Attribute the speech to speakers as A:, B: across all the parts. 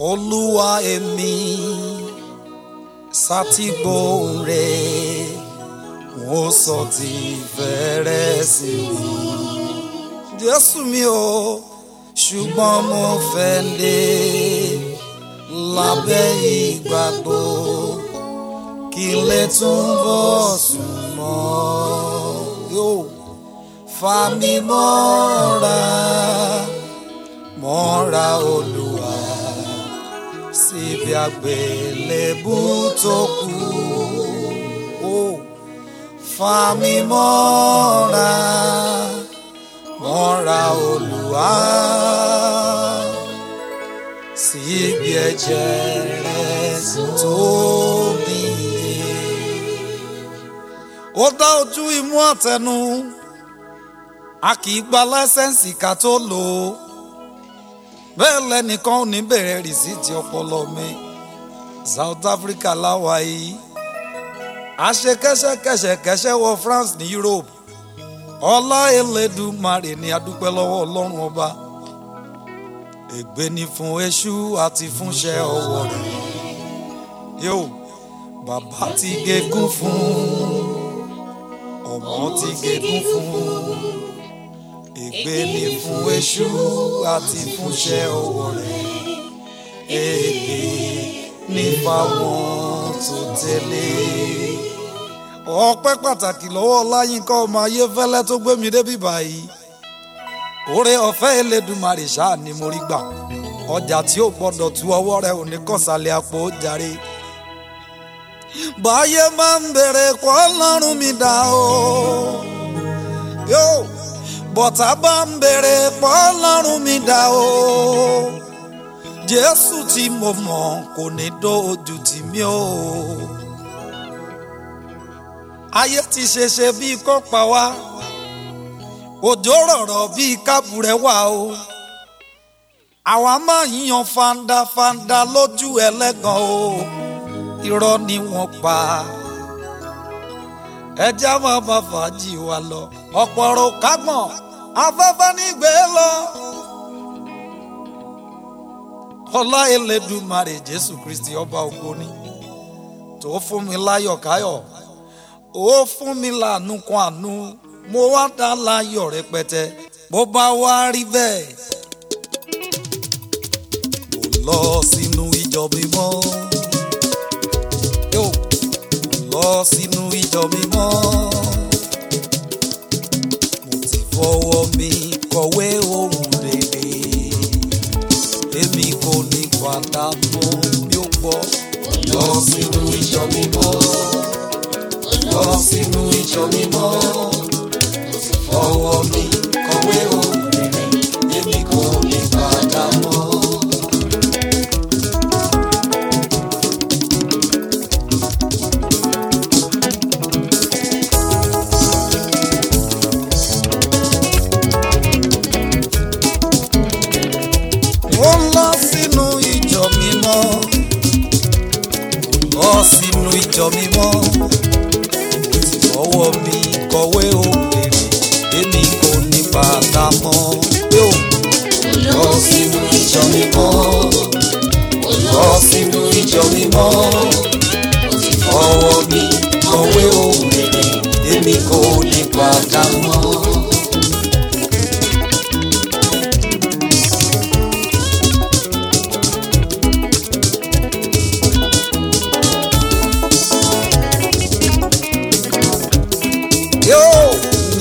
A: olúwa èmi sátìgbòhùn rẹ mo sọ ti fẹ́rẹ̀ sí mi jésù mi o ṣùgbọ́n mo fẹ́ lé e lábẹ́ ìgbàgbọ́ kí lè tún bọ̀ sùn yóò fa mi mọ́ra mọ́ra olùkọ́ ibi àgbélébú tó kù ó fà mí mọ́ra mọ́ra Olúwa sí ibi ẹ̀jẹ̀ rẹ̀ tó bí. ó dá ojú imú àtẹnu a kì í gba láísẹ̀nsì ká tó lò ó bẹ́ẹ̀ lẹ́nìkan ò ní bẹ̀rẹ̀ rìsíìtì ọpọlọ mi South Africa láwa yìí a ṣe kẹ́sẹ̀kẹ́sẹ̀kẹ́sẹ̀ wọ France ní Europe ọlá Elédùmarè ni adúpẹ́ lọ́wọ́ Ọlọ́run ọba ègbé ni fún Èṣù àti fúnṣẹ́ ọwọ́ rẹ̀ yóò bàbá ti gégún fún ọmọ ti gégún fún ègbé ni fún èṣù àti fúnṣẹ́ ọwọ́ rẹ̀ ègbé ni fáwọn tó tẹ̀lé. ọpẹ́ pàtàkì lọ́wọ́ ọláyínká ọmọ ayéfẹ́lẹ́ tó gbé mi débi báyìí oore ọ̀fẹ́ elédùnmarè ṣáà ni mo rí gbà ọjà tí ò gbọ́dọ̀ tu ọwọ́ rẹ̀ ò ní kọ̀sálẹ̀ àpò ó jàre báyé máa ń bèrè kọ́ lọ́rùn mi dá o. yóò bọ̀tá bá ń bèrè fọlọ́run mi dá o jésù tí mo mọ̀ kò ní dójú tì mí o ayé ti ṣe ṣe kọ́pa wá òjò rọ̀rọ̀ bí kábùrẹ́ wà o àwa máa ń yan fandafanda lójú ẹlẹ́gàn o irọ́ ni wọ́n pa á ẹjẹ́ á máa bá fàájì wa lọ ọ̀pọ̀ ọ̀rọ̀ kágbọ̀n afẹ́fẹ́ nígbè lọ. ọlá Elédùmarè Jésù Kristi ọba ògo ni tó fún mi láyọ̀ káyọ̀ ó fún mi láàánú kan àánú mo wá dá láyọ̀ rẹpẹtẹ bó bá wá rí bẹ́ẹ̀. mo lọ sínú ìjọ mímọ́ bọ́ sínú ìjọ mímọ́. Mo ti fọwọ́ mi kọ̀wé ohun rere. Èmi kò ní pàtà mọ́ bí ó pọ̀. Lọ sínú ìjọ mímọ́. Lọ sínú ìjọ mímọ́. mọ́ ọwọ́ mi kọ̀wé ohun rere èmi kò lè padà mọ́.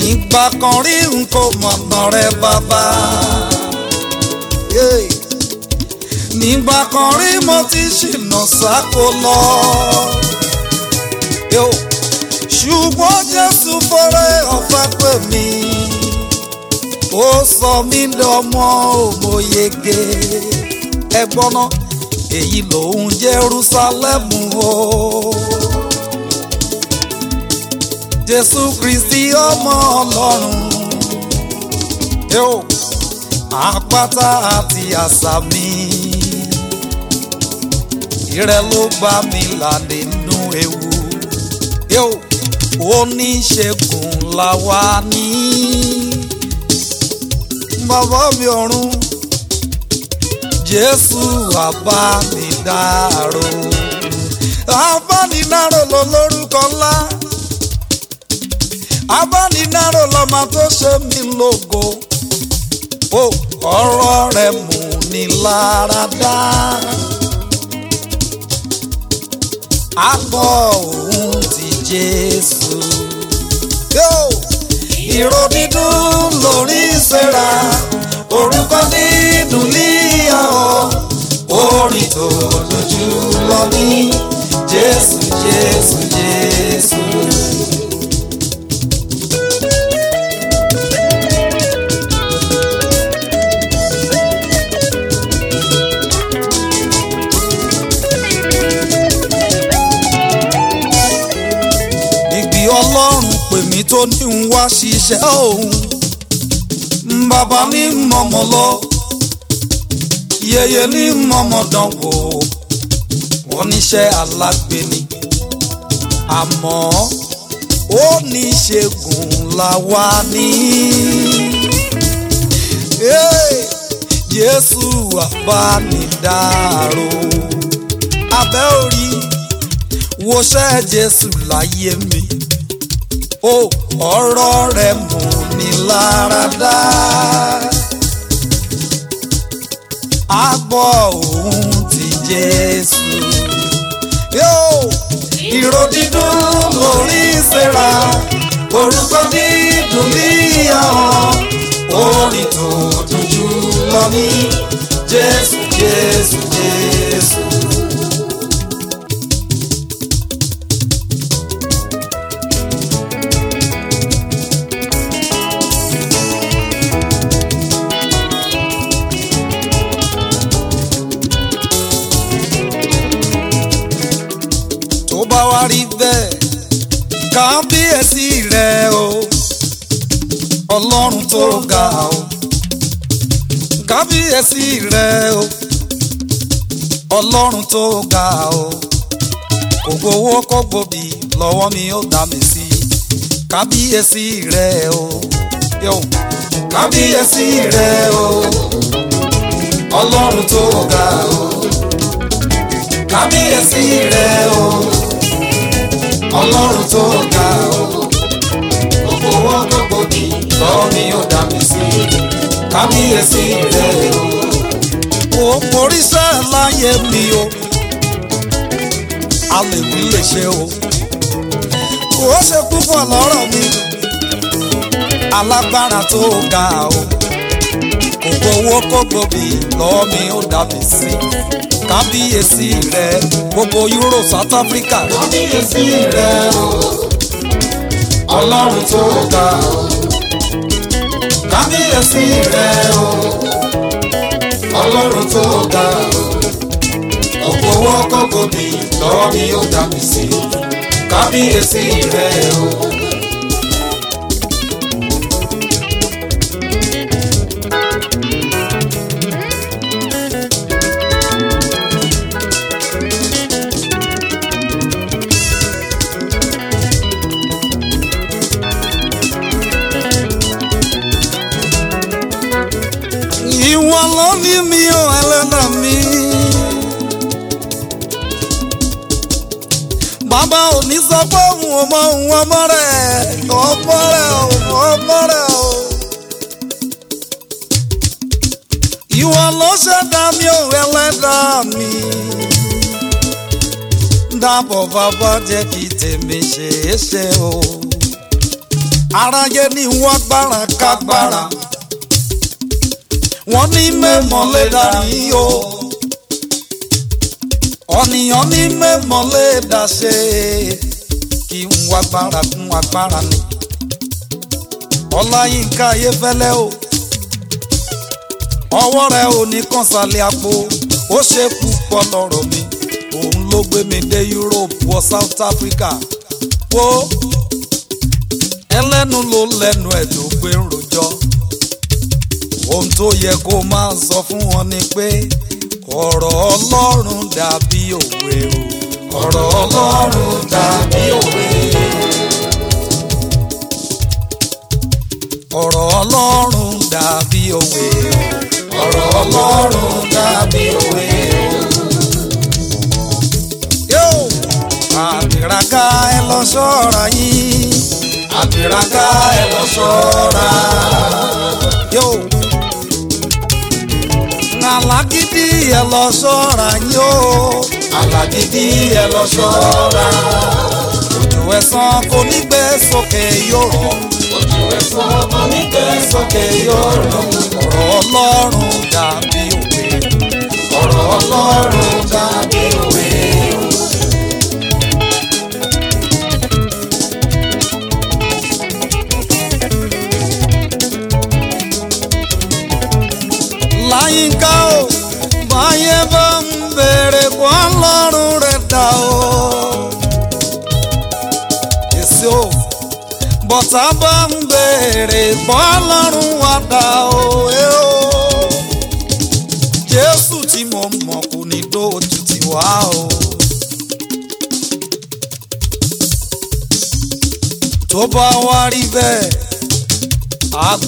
A: nígbà kan rí n kò mọ̀gbọ́n rẹ bàbá. ìgbà kan rí mo ti ṣìnà sáko lọ. ṣùgbọ́n Jésù fọ́rẹ́ ọ̀fẹ́ pè mí ó sọ mí lọ́mọ òmòyege ẹgbọ́n náà èyí lòun Jerúsálẹ́mù o. Jésù Kristi ọmọ Ọlọ́run àpáta àti àṣà mi ìrẹ ló bá mi là nínú ewu yóò oníṣègùn la wà ní. bàbá mi ọ̀run jésù àbánidáró àbánidáró ló lórúkọ ńlá àbánidáró lọ́mọ tó ṣe mí lógo ọ̀rọ̀ rẹ̀ mú ni lára àbọ̀ òun ti Jésù. Ìró dídùn lórí Sera orúkọ dídùn líyà ọ́ orin tó lójú lọ ní Jésù Jésù Jésù. mi tó ní ń wá ṣiṣẹ́ òun bàbá ní mọ̀mọ́ lọ yeye ní mọ̀mọ́ dán wò wọ́n níṣẹ́ alágbèéni àmọ́ ó ní ṣègùn làwa ní. Jésù àbánidáró abẹ́ orí wọṣẹ́ Jésù láyé mi o ọ̀rọ̀ rẹ̀ mú ni lára dá. a gbọ́ ohùn ti Jésù. ìró dídùn lórí ìsera orúkọ dídùn níyà ọ́ orin tó dùn lọ ní Jésù Jésù Jésù. ọlọ́run tó ga o kábíyèsí rẹ o ọlọ́run tó ga o ògo owó kó gbòbí lọ́wọ́ mi ó dá mi sí kábíyèsí rẹ o yóò kábíyèsí rẹ o ọlọ́run tó ga o kábíyèsí rẹ o ọlọ́run tó ga o àwọn tó gbòdì lọ́wọ́ ni ó dá mi sí kábíyèsí rẹ̀ o. o forí sẹ́ láyé mi o a lè wí lè ṣe o kò ṣe púpọ̀ lọ́rọ̀ mi alágbára tó ga o kò gbowó kó gbòbí lọ́wọ́ mi ó dá mi sí kábíyèsí rẹ̀ gbogbo Europe South Africa kábíyèsí rẹ̀ o ọlọ́run tó ga o kábíyèsí rẹ o ọlọ́run tó ga o ògbówó kókó mi lọ́wọ́ mi ó dàbí sí kábíyèsí rẹ o. love you mi o ẹlẹ́dà mi. bàbá ò ní sọ pé òun ò mọ òun ọmọ rẹ̀ ọmọ rẹ̀ ọmọ ọmọ rẹ̀ o. ìwọ ló ṣẹ̀dá mi ò ẹlẹ́dà mi. dábọ̀ bàbá jẹ́ kí tèmi ṣe é ṣe o. aráyé wọ́n ní mẹ́mọ́lé darí o ọ̀nìyàn ní mẹ́mọ́lé dàṣe kí n wá gbára kún agbára ni Ọláyínká Ayéfẹ́lẹ́ o ọwọ́ rẹ̀ ò ní kàn sálẹ̀ àpò ó ṣe púpọ̀ lọ́rọ̀ mi òun ló gbé mi dé Europe wọ South Africa wo ẹlẹ́nu ló lẹ́nu ẹ̀ tó gbé ń rojọ́ ohun tó yẹ kó máa sọ fún wọn ni pé ọ̀rọ̀ ọlọ́run dàbí òwe o ọ̀rọ̀ ọlọ́run dàbí òwe. ọ̀rọ̀ ọlọ́run dàbí òwe o ọ̀rọ̀ ọlọ́run dàbí òwe o. àbìràkà ẹ lọ ṣọ́ra yín àbìràkà ẹ lọ ṣọ́ra. Alagidi ẹ lọ ṣọ́ra yín o. alágídí ẹ lọ ṣọ́ra. òjò ẹ̀sán kò ní gbé sókè yóò rọ̀. òjò ẹ̀sán kò ní gbé sókè yóò rọ̀. ọ̀rọ̀ ọlọ́run dàbí o.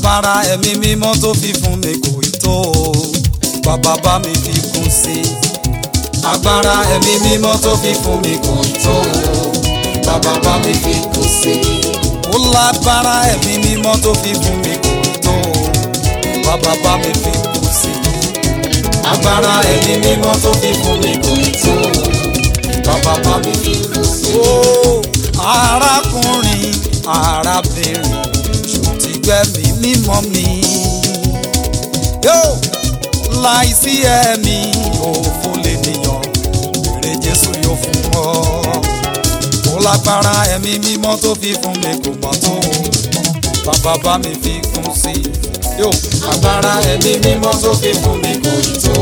A: agbára ẹ̀mí mímọ́ tó fi fún mi kò tó o bàbá bá mi fi kún sí i agbára ẹ̀mí mímọ́ tó fi fún mi kò tó o bàbá bá mi fi kún sí i ó lágbára ẹ̀mí mímọ́ tó fi fún mi kò tó o bàbá bá mi fi kún sí i agbára ẹ̀mí mímọ́ tó fi fún mi kò tó o bàbá bá mi fi kún sí i. ó arákùnrin arábìnrin pẹ̀lú ẹ̀mí mímọ́ mi. yóò láìsí ẹ̀mí òfò lè nìyàn èrè Jésù yóò fún ọ. ó lágbára ẹ̀mí mímọ́ tó fi fún mi kò mọ̀ tó bàbá bá mi fi kún sí i. yóò agbára ẹ̀mí mímọ́ tó fi fún mi kò yìí tó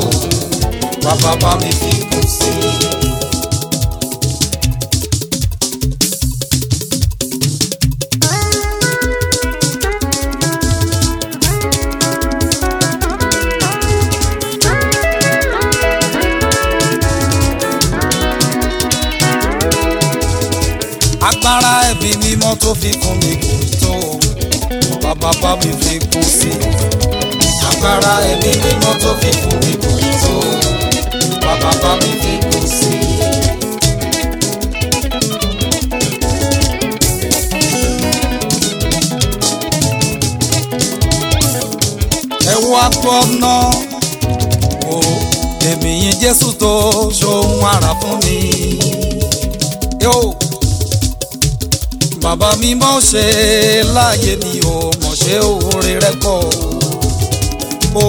A: bàbá bá mi fi kún sí i. agbára ẹ̀mí mímọ́ tó fi kún mi kò tó bàbá bá mi fi kún sí agbára ẹ̀mí mímọ́ tó fi kún mi kò tó bàbá bá mi fi kún sí. ẹ wo akọ ọ̀nà o èmi yìí Jésù tó ṣohun ara fún mi. Yo bàbá mi mọ̀ ṣe láàyè mi ò mọ̀ ṣe oore rẹ pọ̀ o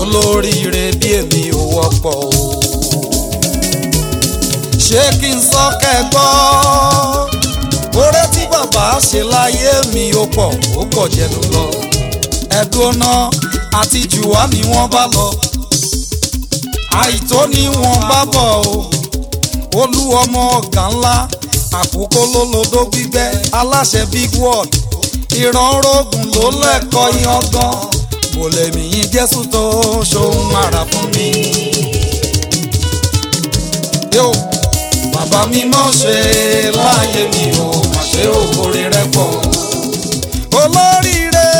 A: olóríire bí èmi ò wọ́pọ̀ o. ṣé kí n sọ kẹ́gbọ́ oore tí bàbá ṣe láyé mi ò pọ̀ ó pọ̀ jẹnu lọ ẹ̀dùn ọ̀nà àti jùwá ni wọ́n bá lọ àìtó ni wọ́n bá bọ̀ o olú ọmọ ọ̀gá ńlá àkókò lólodó gbígbẹ́ aláṣẹ big world ìrànrógùn ló lẹ́kọ̀ọ́ yangan kò lè mìín jésù tó ṣohun àrà fún mi. yóò bàbá mi mọ̀ ṣe láàyè mi ò mà ṣe òkòrè rẹ pọ̀. olóríire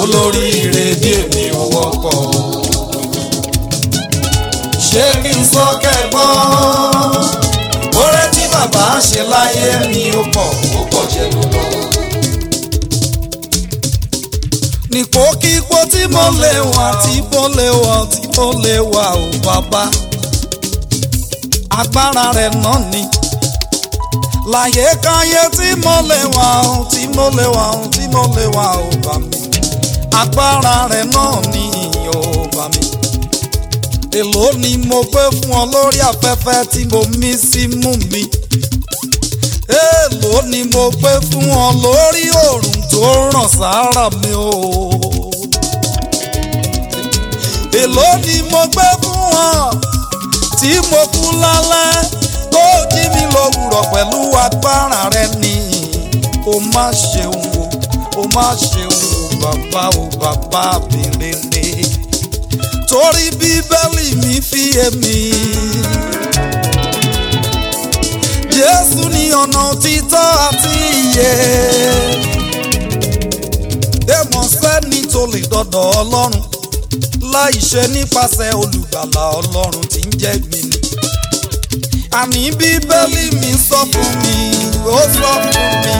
A: olóríire bí èmi ò wọ́pọ̀. ṣé kí n sọ kẹ́gbọ́n? bá ń ṣe láyé mi ó pọ̀ ó pọ̀ jẹnu lọ. nípò kíkó tí mo lè wà tí mo lè wà tí mo lè wà ó bàbá agbára rẹ̀ náà ni láyé káyé tí mo lè wà ó tí mo lè wà ó tí mo lè wà ó bà mí agbára rẹ̀ náà ni ó mí èló ni mo gbé fún ọ lórí afẹ́fẹ́ tí mo mí sí mú mi. Si èèlò ni mo pé fún ọ lórí oòrùn tó ràn sára mi o. èèlò ni mo pé fún ọ tí mo kú lálẹ́ tó jí mi lówùrọ̀ pẹ̀lú agbára rẹ ni o má ṣeun o o má ṣeun o bàbá o bàbá abìnrin ni torí bíbélì mi fi èmi. Jésù ni ọ̀nà òtítọ́ àti ìyè. Èmọ̀ sẹ́ni tó lè dọ̀dọ̀ Ọlọ́run láì ṣe nípasẹ̀ olùgbàlà Ọlọ́run tí ń jẹ́ mi ni. Àní Bíbélì mi sọ fún mi, ó sọ fún mi.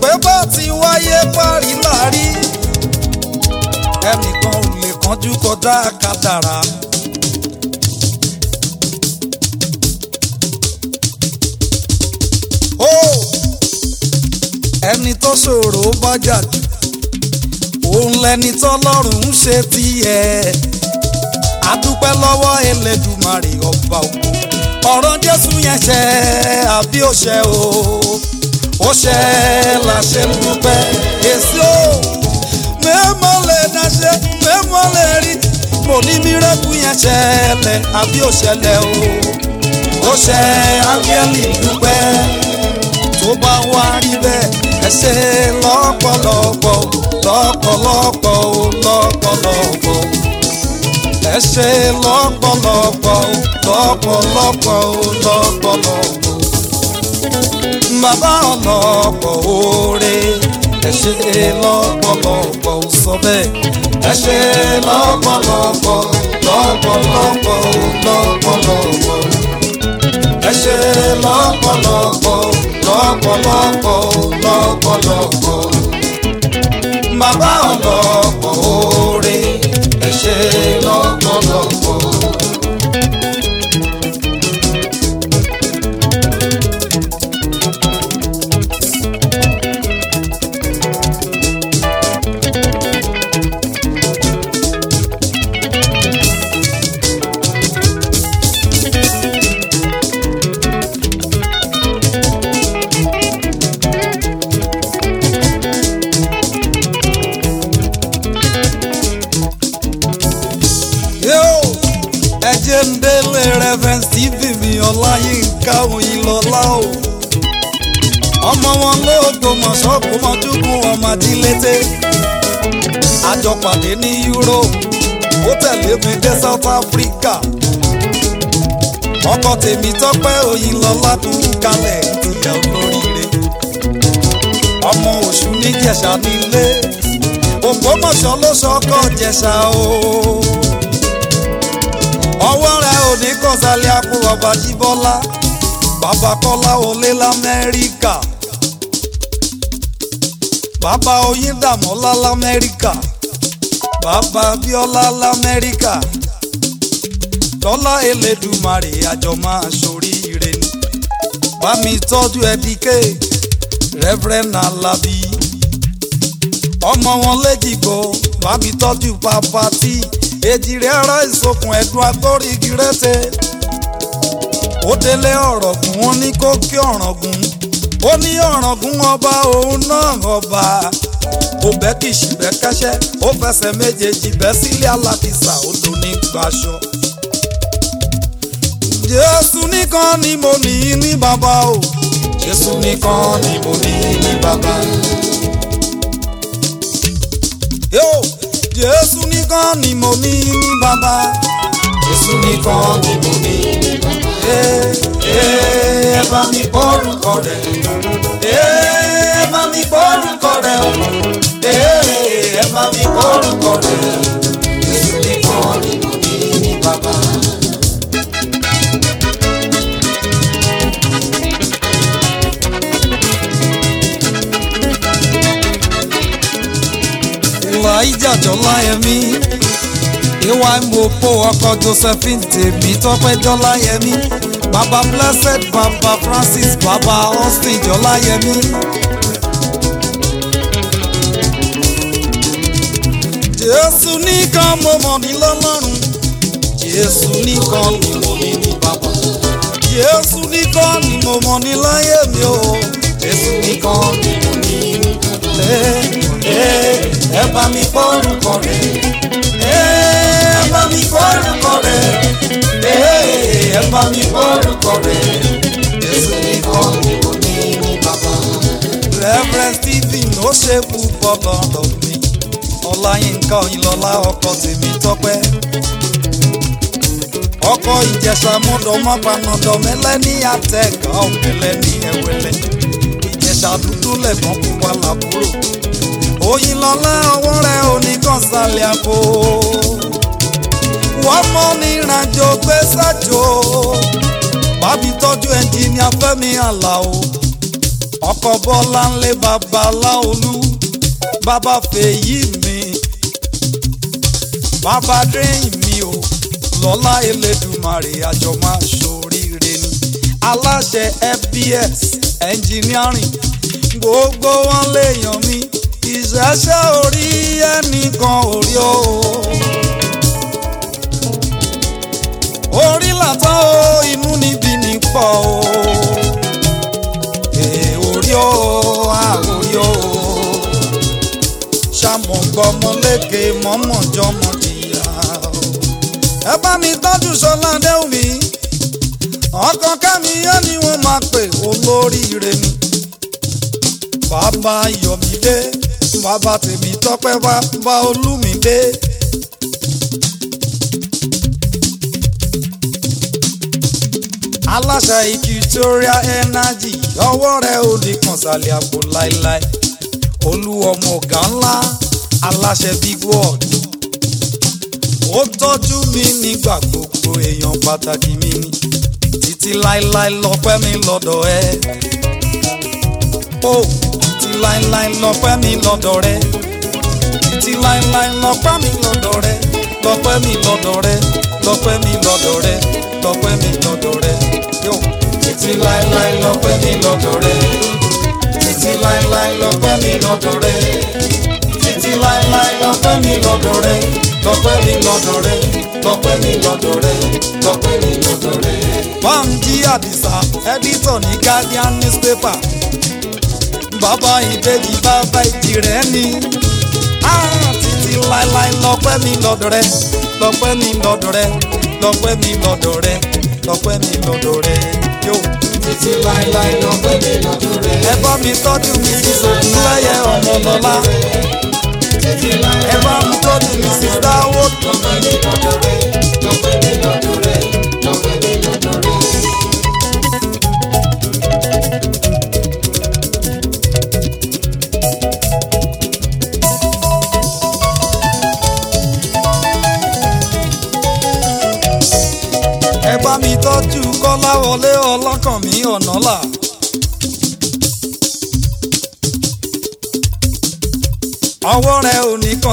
A: Pé bá ti wáyé parí láàrí, ẹnìkan ò lè kánjú kọjá kádàrá. ẹni tó ṣòro bọ́jà jù òun lẹni tọ́lọ́run ń ṣe tiẹ̀ adúpẹ́ lọ́wọ́ Elédùmarè ọba òkú ọ̀rọ̀ Jésù yẹn ṣe àbí ó ṣe o ó ṣe làṣẹ ń dúpẹ́ èsì o mẹ́mọ́ lè dáṣẹ́ mẹ́mọ́ lè rí mo ní mírẹ́kù yẹn ṣẹlẹ̀ àbí ó ṣẹlẹ̀ o ó ṣe ángẹ́lì dúpẹ́ tó bá wá rí bẹ́ẹ̀ ẹ ṣe lọ́pọ̀lọpọ̀ lọ́pọ̀lọpọ̀ lọ́pọ̀lọpọ̀ ẹ ṣe lọ́pọ̀lọpọ̀ lọ́pọ̀lọpọ̀ lọ́pọ̀lọpọ̀ bàbá ọlọ́pọ̀ oore ẹ ṣe lọ́pọ̀lọpọ̀ sọ bẹ́ẹ̀ ẹ ṣe lọ́pọ̀lọpọ̀ lọ́pọ̀lọpọ̀ lọ́pọ̀lọpọ̀ ẹ ṣe lọ́pọ̀lọpọ̀ lọ́pọ̀lọpọ̀ lọ́pọ̀lọpọ̀ bàbá dúró ó tẹ̀lé dé South Africa ọkọ tèmi tọ́pẹ́ òyìn lọ ládùn kalẹ̀ ìyá olóríire ọmọ Ọ̀ṣun níjẹ̀ṣà nílé Ògbómọ̀ṣọ́ ló ṣọkọ jẹ̀ṣà o ọwọ́ rẹ̀ ò ní kọ̀sálẹ̀ àpò bàbá Jíbọ́lá bàbá Kọ́lá olé l'Amẹ́ríkà bàbá Oyíndàmọ́lá l'Amẹ́ríkà. La bàbá bíọ́lá lamẹ́ríkà tọ́lá elédùmarè àjọ máa ṣoríire ni bá mi tọ́jú ẹbí ké rẹ́fúrẹ́nà alábí ọmọ wọn léjìgbò bá mi tọ́jú bàbá tí èjìrẹ́ ara ìsokùn ẹ̀dùn agbórígi rẹ́tẹ̀ ó délé ọ̀rọ̀gùn ó ní kó kí ọ̀rọ̀gùn ó ní ọ̀rọ̀gùn ọba òun náà ọba ó bẹ́ kìsì bẹ́ kẹ́sẹ́ ó fẹsẹ̀ méjèèjì bẹ́ sílé alábìsà ó lò ní gbaṣọ. jésù nìkan ni mo ní ní bàbá o jésù nìkan ni mo ní ní bàbá. yóò jésù nìkan ni mo ní ní bàbá. jésù nìkan ni mo ní ní bàbá. ẹ eh, eh, ẹ bá mi bọ́ orúkọ rẹ̀ eh, ẹ bá mi bọ́. Dọ́láyẹmí ìwà po ọkọ̀ Josephine tèmi tọ́pẹ́ Dọ́láyẹmí baba blessed baba Francis baba Austin Dọ́láyẹmí. Jésù nìkan mo mọ̀ ní lọ́lọ́run Jésù nìkan ni mo ní ní bàbá Jésù nìkan ni mo mọ̀ ní láyé mi o Jésù nìkan ni mo ní ní bàbá ẹ bá mi kórúkọ rẹ̀ ẹ bá mi kórúkọ rẹ̀ ẹ bá mi kórúkọ rẹ̀ Jésù mi ni mo ní mi bàbá. Reverend Stephen ó ṣe kú bọ́lọ̀ lọ́bí Ọláyínká Òyìnlọ́lá ọkọ tèmi tọ́pẹ́ ọkọ ìjẹsà mọdọmọpanọdọ mẹlẹni àtẹkà ọkẹlẹni ẹwẹlẹ ìjẹsà dúdú lẹgbọn pupa làbúrò oyin lọ́lá ọwọ́ rẹ̀ oníkọ̀sálẹ̀ àpò. wọ́n mọ́ ní ìrìnàjò gbé sájò bábí tọ́jú ẹnjìníà Fẹ́mi Àlàó ọkọ̀ Bọ́lá ńlẹ̀ bàbá Láolú bàbá Fèyí mi bàbá dẹ́yìn mi ò lọ́lá Elédùmarè àjọ máa ṣoríire ni aláṣẹ FBS engineering gbogbo wọn lè yàn mí ìṣẹ́ṣẹ́ orí ẹnìkan ò rí o. orí làtọ́ o inú níbi nípọ̀ o. èèwòrí o àwòrí o. ṣàmùgbọ́mọléke mọ́mọ́jọ́mọ́ jìyà o. ẹ bá mi tọ́jú sọlá déwùmí. ọkọ̀ kámiyán ni wọ́n máa pè olóríire ni. bàbá yọ̀mídé bàbá tèmi tọ́pẹ́ wá wá olúmídé. aláṣà equatorial energy ọwọ́ rẹ̀ ò ní kànsálẹ̀ àpò láéláé olú ọmọ ọ̀gá ńlá aláṣẹ big world ó tọ́jú mi nígbà gbogbo èèyàn pàtàkì mi ni títí láéláé lọ́pẹ́ mi lọ́dọ̀ ẹ. Oh láíláí lọ́pẹ́ mi lọ́dọ̀ rẹ títí láíláí lọ́pẹ́ mi lọ́dọ̀ rẹ lọ́pẹ́ mi lọ́dọ̀ rẹ lọ́pẹ́ mi lọ́dọ̀ rẹ lọ́pẹ́ mi lọ́dọ̀ rẹ yóò. títí láíláí lọ́pẹ́ mi lọ́dọ̀ rẹ títí láíláí lọ́pẹ́ mi lọ́dọ̀ rẹ títí láíláí lọ́pẹ́ mi lọ́dọ̀ rẹ lọ́pẹ́ mi lọ́dọ̀ rẹ lọ́pẹ́ mi lọ́dọ̀ rẹ lọ́pẹ́ mi lọ́dọ̀ rẹ. wọ́n ń jí àdìsá ẹ́dítọ̀ ní guardian newspaper bàbá ìbejì bàbá ìtìrẹ́ ni títí láéláé lọ́pẹ́ mi lọ́dọ̀ rẹ lọ́pẹ́ mi lọ́dọ̀ rẹ lọ́pẹ́ mi lọ́dọ̀ rẹ lọ́pẹ́ mi lọ́dọ̀ rẹ yóò. títí láéláé lọ́pẹ́ mi lọ́dọ̀ rẹ. ẹ bá mi tọ́jú mi sí sòkúrú ẹyẹ ọmọ lọ́lá. ẹ bá mi tọ́jú mi sí sáwọ́. lọ́pẹ́ mi lọ́dọ̀ rẹ.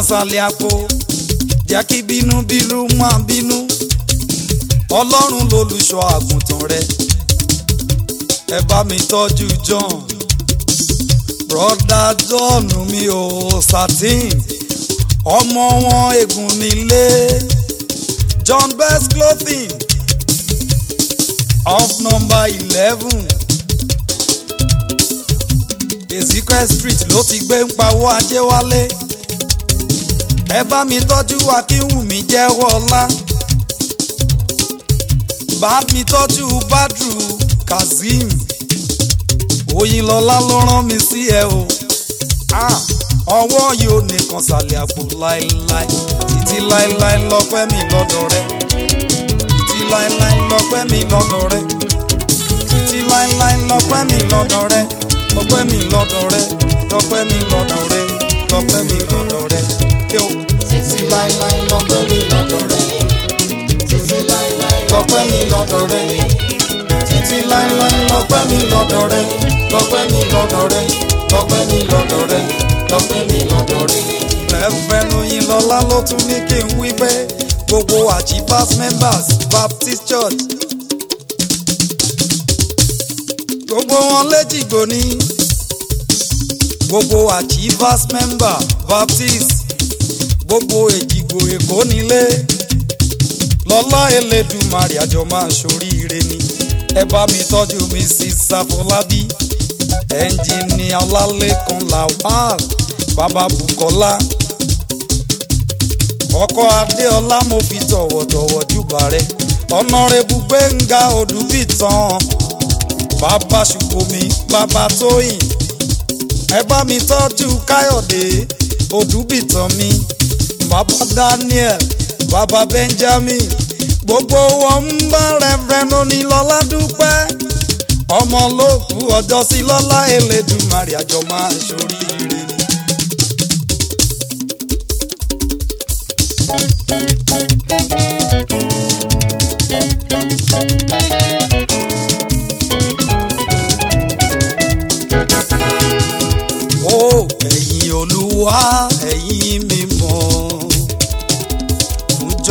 A: sálẹ̀ àpò jẹ́ kí bínúbínú máa bínú ọlọ́run lolùṣọ́ àgùntàn rẹ ẹ bá mi tọ́jú John broda John mi ò satin ọmọ wọn ègùn nílé John Best Clothing of number eleven Ezekiel Street ló ti gbé ń pawó ajé wálé ẹ bá mi tọ́jú akínwùmí jẹ́wọ́ ọlá bá mi tọ́jú badru kazeem oyinlọlá ló rán mi sí ẹ o ah, ọwọ́ yóò nìkan sàlẹ̀ àpò láéláé títí láéláé lọ́pẹ́ mi lọ́dọ̀ rẹ títí láéláé lọ́pẹ́ mi lọ́dọ̀ rẹ títí láéláé lọ́pẹ́ mi lọ́dọ̀ rẹ lọ́pẹ́ mi lọ́dọ̀ rẹ lọ́pẹ́ mi lọ́dọ̀ rẹ lọ́pẹ́ mi lọ́dọ̀ rẹ kẹ́ o. títí láíláí lọ́pẹ́ mi lọ́dọ̀ rẹ̀ ni. títí láíláí lọ́pẹ́ mi lọ́dọ̀ rẹ̀ ni. títí láíláí lọ́pẹ́ mi lọ́dọ̀ rẹ̀ ni. lọ́pẹ́ mi lọ́dọ̀ rẹ̀ ni. lọ́pẹ́ mi lọ́dọ̀ rẹ̀ ni. lọ́pẹ́ mi lọ́dọ̀ rẹ̀ ni. lẹ́fẹ̀ẹ́nu yín lọ́lá ló tún ní kí n wí pé gbogbo àjíbás members Baptist Church. gbogbo wọn léjìgbò ni gbogbo achievers member baptist gbogbo èjìgbò èkó nílé lọ́lá elédùmarè àjọ máa ṣoríire ni ẹ bá mi tọ́jú Mrs. Afọlábí ẹnjìníà Ọlálékan Lawal bàbá Bùkọ́lá ọkọ Adéọlá mo fi tọ̀wọ̀tọ̀wọ̀ júbà rẹ ọ̀nàrẹ́bù Gbẹ́ngà Odùbìtàn bàbá Ṣùgbọ́mi bàbá Tóyìn ẹ bá mi tọ́jú Káyọ̀dé Odùbìtàn mi. Baba Daniel baba Benjamin gbogbo wọn ń bá rẹfẹnu ní lọlá dúpẹ́ ọmọ ló kú ọjọ́ sí lọlá Elédùmarè àjọ máa ṣoríire. Oh, ẹ̀yin Olúwa hey. mi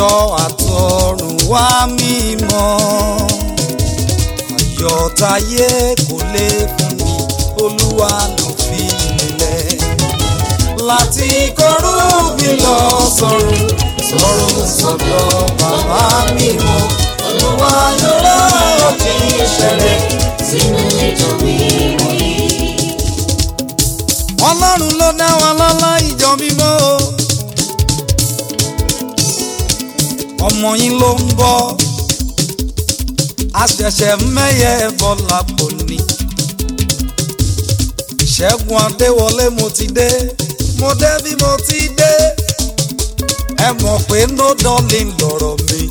A: ayọ̀ àtọ̀run wá mímọ́ ayọ̀ táyé kò lè fún mi olúwa ló fi lẹ̀ láti kọ́rùbí lọ sọ̀rọ̀ sọ̀rọ̀ sọ̀dọ̀ bàbá mímọ́ olúwa yóò rà ọ̀jẹ̀ ìṣẹ̀lẹ̀ sínú ìjọ mímọ́ yìí. ọlọ́run ló dá wa lọ́lá ìjọ mímọ́ o. ọmọ yín ló ń bọ̀ àṣẹ̀ṣẹ̀ mẹ́yẹ bọ́lá kò ní. Ṣẹ́gun Adéwọlé mo ti dé mo dé bí mo ti dé ẹ mọ̀ pé no darling lọ̀rọ̀ mi.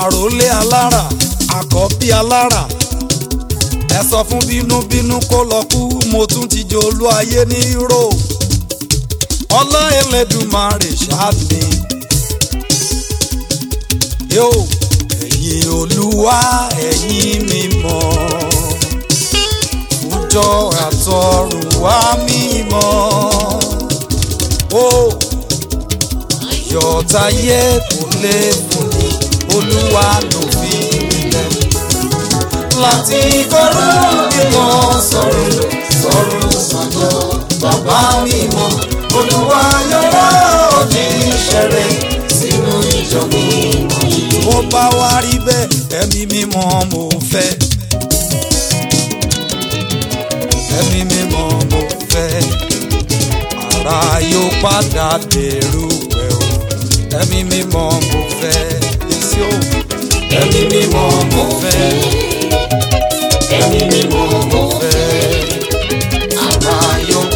A: Àròlé alára àkọ́bí alára ẹ sọ fún bínúbínú kó lọ kú mo tún ti jolú ayé ní Europe ọlá Elédùmarè ṣáàbì yóò ẹ̀yin olúwa ẹ̀yin mímọ́ ọjọ́ àtọ̀run wá mímọ́ ó yọ̀ọ̀tayé kò lè fún mi olúwa lòfin ìbílẹ̀ láti kọ́rọ́ mímọ́ sọ̀rọ̀ sọ̀rọ̀ sọ̀rọ̀ bàbá mímọ́ olúwa yọ̀rọ̀ òjì ṣẹlẹ̀ sínú ìjọ mi. ó bá wá rí bẹ́ẹ̀ ẹ̀mí mímọ́ mo fẹ́. ẹ̀mí mímọ́ mo fẹ́. ara yóò padà dèrú ẹ̀ o ẹ̀mí mímọ́ mo fẹ́. èsì o ẹ̀mí mímọ́ mo fẹ́. ẹ̀mí mímọ́ mo fẹ́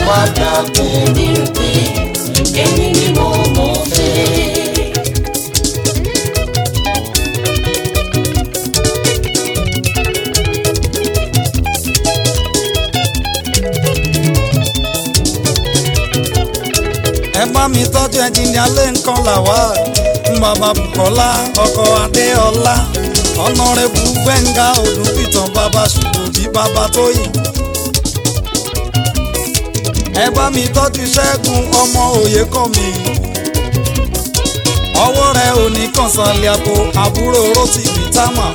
A: padà bèèrè pé èmi ni mo mọ̀ fẹ́. mi tọ́jú ẹnjìnìá Lékan Lawal bàbá Bùkọ́lá ọkọ Adéọlá ọ̀nà rẹ̀ bú Gbẹ́ngà Olùbìtàn bàbá ṣùgbọ́n bí bàbá tó yìí ẹ bá mi tọ́jú ṣẹ́gun ọmọ òye kan mi. ọwọ́ rẹ ò ní kàn sálẹ̀ àpò àbúrò rosimi támà.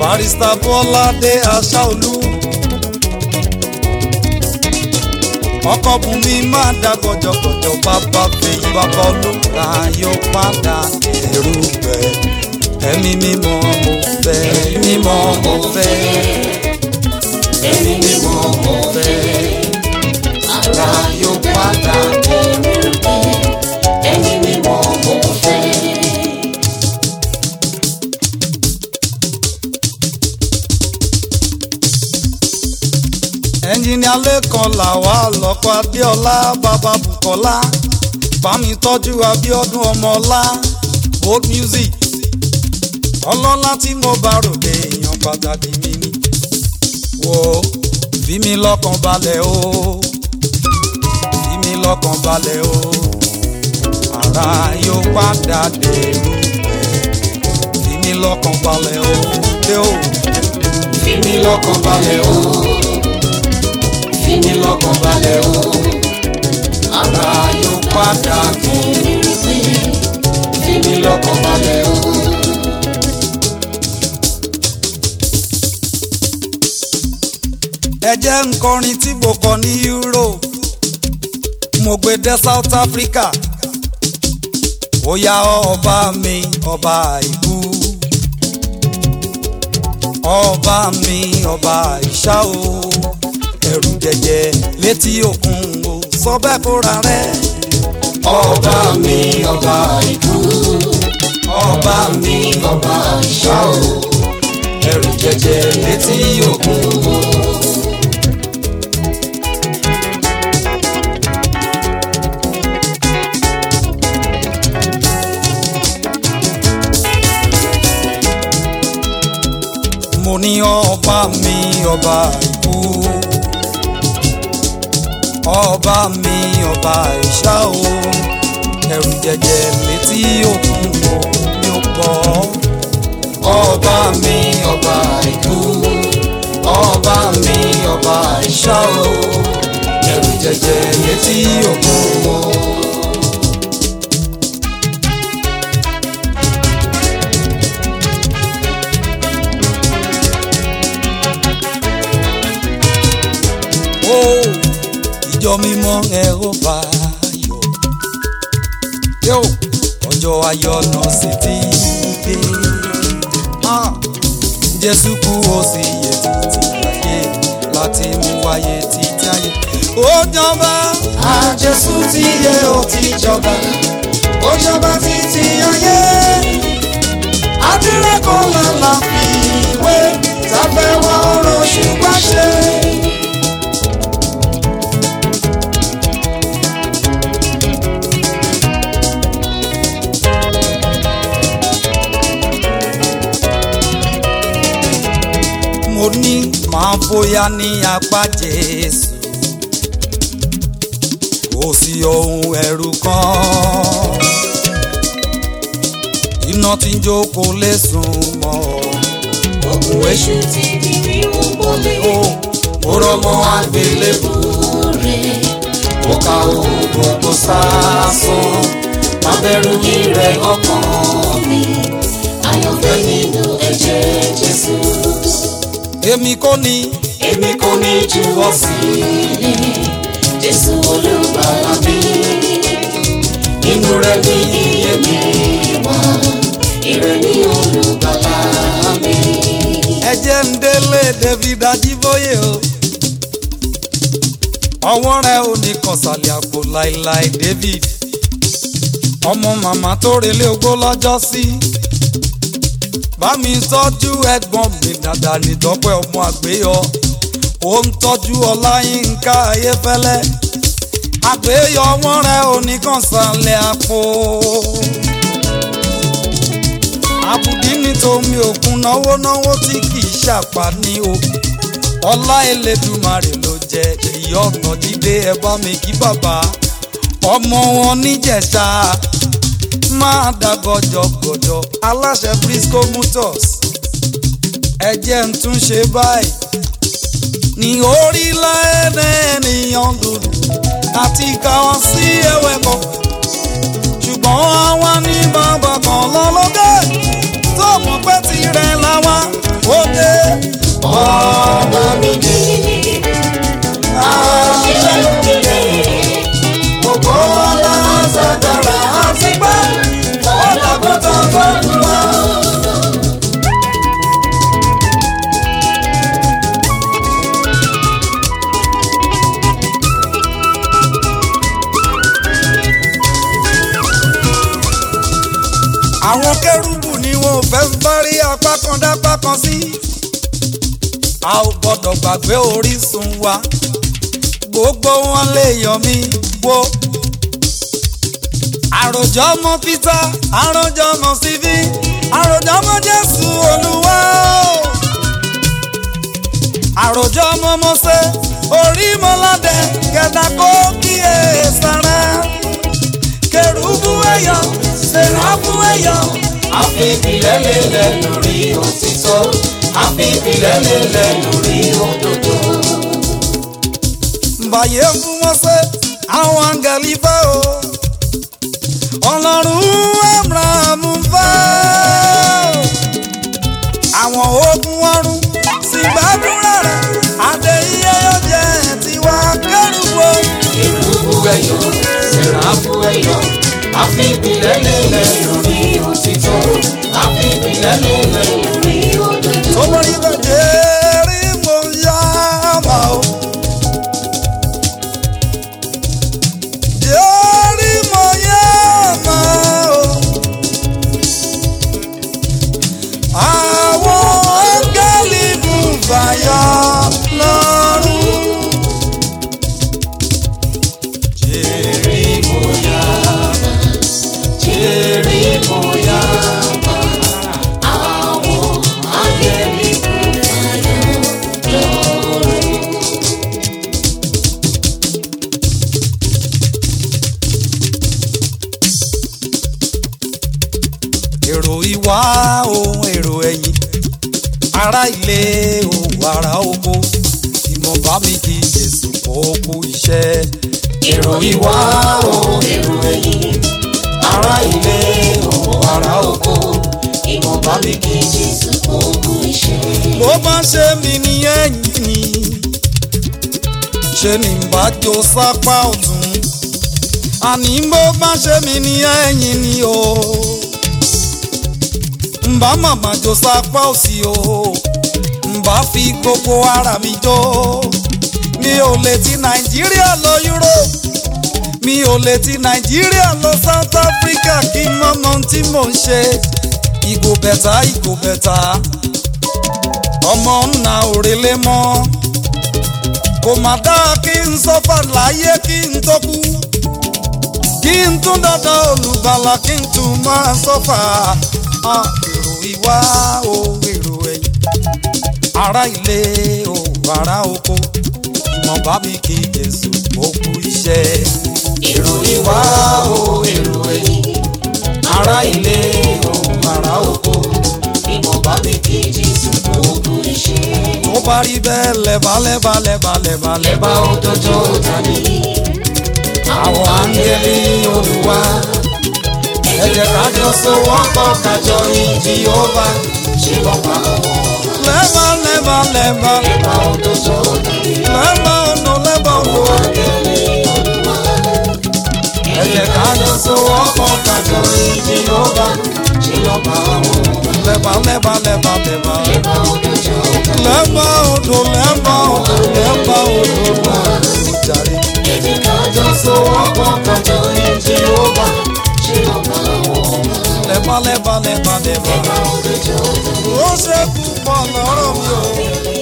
A: barista bọ́ládé aṣáolú. ọkọ bùn mi máa dá kọjọkọjọ bàbá fèyí bàbá olóka yóò padà dẹrù bẹ ẹ̀mí mímọ́ mo fẹ́ mímọ́ mo fẹ́ èmi ni mo mọ̀ fẹ́ ara yóò padà bẹ̀rẹ̀. ẹnjìnìá lẹ́kàn làwà lọ́kọ̀ adéọlá bàbá bukola, bámi tọ́jú abíọ́dún ọmọọlá world music ọlọ́lá tí mo bá ròde èèyàn pàtàkì mi ni o fi mi lọ́kàn balẹ̀ o fi mi lọ́kàn balẹ̀ o ara yóò padà dèrú fi mi lọ́kàn balẹ̀ o dé o fi mi lọ́kàn balẹ̀ o fi mi lọ́kàn balẹ̀ o ara yóò padà dèrú fi mi lọ́kàn balẹ̀ o. ẹ jẹ́ ń kọrin tí mo kọ ní Europe mo gbé dé South Africa ó yá ọba mi ọba ìbú ọba mi ọba ìṣá o ẹ̀rù jẹjẹ létí òkun o sọ bẹ́ẹ̀ kóra rẹ. ọba mi ọba ìbú ọba mi ọba ìṣá o ẹ̀rù jẹjẹ létí òkun. ni ọba mi ọba ikú ọba mi ọba ìṣá o ẹ̀rù jẹjẹ létí òkun o mi ò bọ́ ọba mi ọba ikú ọba mi ọba ìṣá o ẹ̀rù jẹjẹ létí òkun o. ọjọ́ mímọ́ ẹ̀rọ bá yọ. Yo, ọjọ́ ayọ̀ náà sì ti dé. Ah, Jésù kú ó sì yẹ títí ayé láti mú wáyé títí ayé. Ó jọba. Àjẹsù ti yẹ ó ti jọba. Ó jọba títí ayé. Adírẹ́kọ̀ọ́ làlá fi ìwé tàbẹ́ wá ọ̀rọ̀ ṣùgbọ́n ṣe. máa fòyà ní apá Jésù kò sí ohun ẹ̀rù kan iná tí ń jó kò lè sùn mọ́. òkun èṣù tí kìíní ń bọ́lé mo rọmọ àgbélébù rẹ̀ mo ka ohun gbogbo sáásán abẹ́rù yìí rẹ̀ ọkọ. èmi kò ní. èmi kò ní jùwọ́ sílẹ̀ jésù olùgbàlà mi inú rẹ̀ ní iye mi wá ìrẹ̀ ní olùgbàlà mi. ẹ jẹ́ ń délé David Ajíbóyè o ọwọ́ rẹ̀ ò ní kọ̀sálẹ̀ àpò láéláé David ọmọ màmá tó relé ogbó lọ́jọ́ sí. Si bá mi tọ́jú ẹ̀gbọ́n mi dàdà nìtọ́pẹ́ ọmọ àgbéyọ ó ń tọ́jú ọláyínká ayéfẹ́lẹ́ àgbéyọ wọn rẹ oníkànsánlẹ̀ àpò àbùdí nítorí òkun náwó náwó tí kì í ṣàpá ní o ọlá elédùmarè ló jẹ ìyá ọ̀nà dídé ẹ bá mi kí bàbá ọmọ wọn níjẹ̀ṣà usman dagbọjọgbọjọ aláṣẹ brisco motors ẹ jẹ́ ń tún ṣe báyìí ní orílẹ̀ èdè ènìyàn dúdú àti káwọn sí ewé kan ṣùgbọ́n àwa ní bàbá kan lọ́lọ́dẹ tó mọ̀ pé tirẹ̀ làwa ó dé. ọmọ mi ni àṣẹ lókè. tọ́kan sí a ò gbọ́dọ̀ gbàgbé orísun wa gbogbo wọn lè yàn mí wo àròjọ ọmọ Peter àròjọ ọmọ Stephen àròjọ ọmọ Jésù Olúwa àròjọ ọmọ Mósè orí mọ́ládẹ kẹta kó kíyè sára kẹrùbù ẹ̀yọ sẹ̀ráfù ẹ̀yọ àfipìlẹ̀ lélẹ̀ lórí òtítọ́ àfipìlẹ̀ lélẹ̀ lórí òdodo. bàyẹ̀ ń fún wọn ṣe àwọn àǹgẹ̀lì fẹ́ o ọlọ́run abrahamu fẹ́ àwọn ogun ọ̀run sì gbàdúrà rẹ̀ adéyé yóò jẹ́ tiwa kẹ́rùbọ̀. ìlú ẹ̀yọ́ sẹ̀ráfù ẹ̀yọ́ àfi ìpìlẹ̀ lélẹ̀ lórí àfi ìpìlẹ̀ lóore. ọmọ yìí bẹ̀rẹ̀. èrò ìwá ohun èrò ẹ̀yìn ará ilé òwò ará oko ìmọ̀ba mi kì í jésù kókó iṣẹ́. èrò ìwá ohun èrò ẹ̀yìn ará ilé òwò ará oko ìmọ̀ba mi kì í jésù kókó iṣẹ́. bó bá ṣe mi ní ẹ̀yìn ni ṣe ni bá jó sápá ọ̀tún àní bó bá ṣe mi ní ẹ̀yìn ni o. Oh ǹbá màmá jó sápá òsì o ǹbá fi gbogbo ara mi jó mi ò lè ti nàìjíríà lọ Europe mi ò lè ti nàìjíríà lọ South Africa kí n mọ mọ tí mò ń ṣe ìgò bẹ̀tà ìgò bẹ̀tà ọmọ nna òrèlé mọ́ kò má dáa kí n sọ́fà láyé kí n tó kú kí n tún dáadáa olùgbàlà kí n tún máa sọ́fà. Ah wá o èrò ẹ̀yìn ara ilé o ara oko ìmọ̀ba mi kí Jésù ó kú iṣẹ́. èrò ìwá o èrò ẹ̀yìn ara ilé o ará oko ìmọ̀ba mi kí Jésù ó kú iṣẹ́. ó bá rí bẹ́ẹ̀ lẹ́bà lẹ́bà lẹ́bà lẹ́bà lẹ́bà ó tọ́jọ́ tani àwọn áńgẹ́lì Olúwa ẹ jẹ́ ká jọ sowọ́pọ̀ ká jọ yin Jèhófà ṣe lọ́pàá àwọn. lẹ́bà lẹ́bà lẹ́bà. lẹ́bà odò tó ní. lẹ́bà odò lẹ́bà odò. ẹ jẹ́ ká jọ sowọ́pọ̀ ká jọ yin Jèhófà ṣe lọ́pàá àwọn. lẹ́bà lẹ́bà lẹ́bà lẹ́bà. lẹ́bà lẹ́bà odò lẹ́bà odò lẹ́bà odò. ẹ jẹ́ ká jọ sowọ́pọ̀ ká jọ yin balé, balé, balé, balé. Hoje é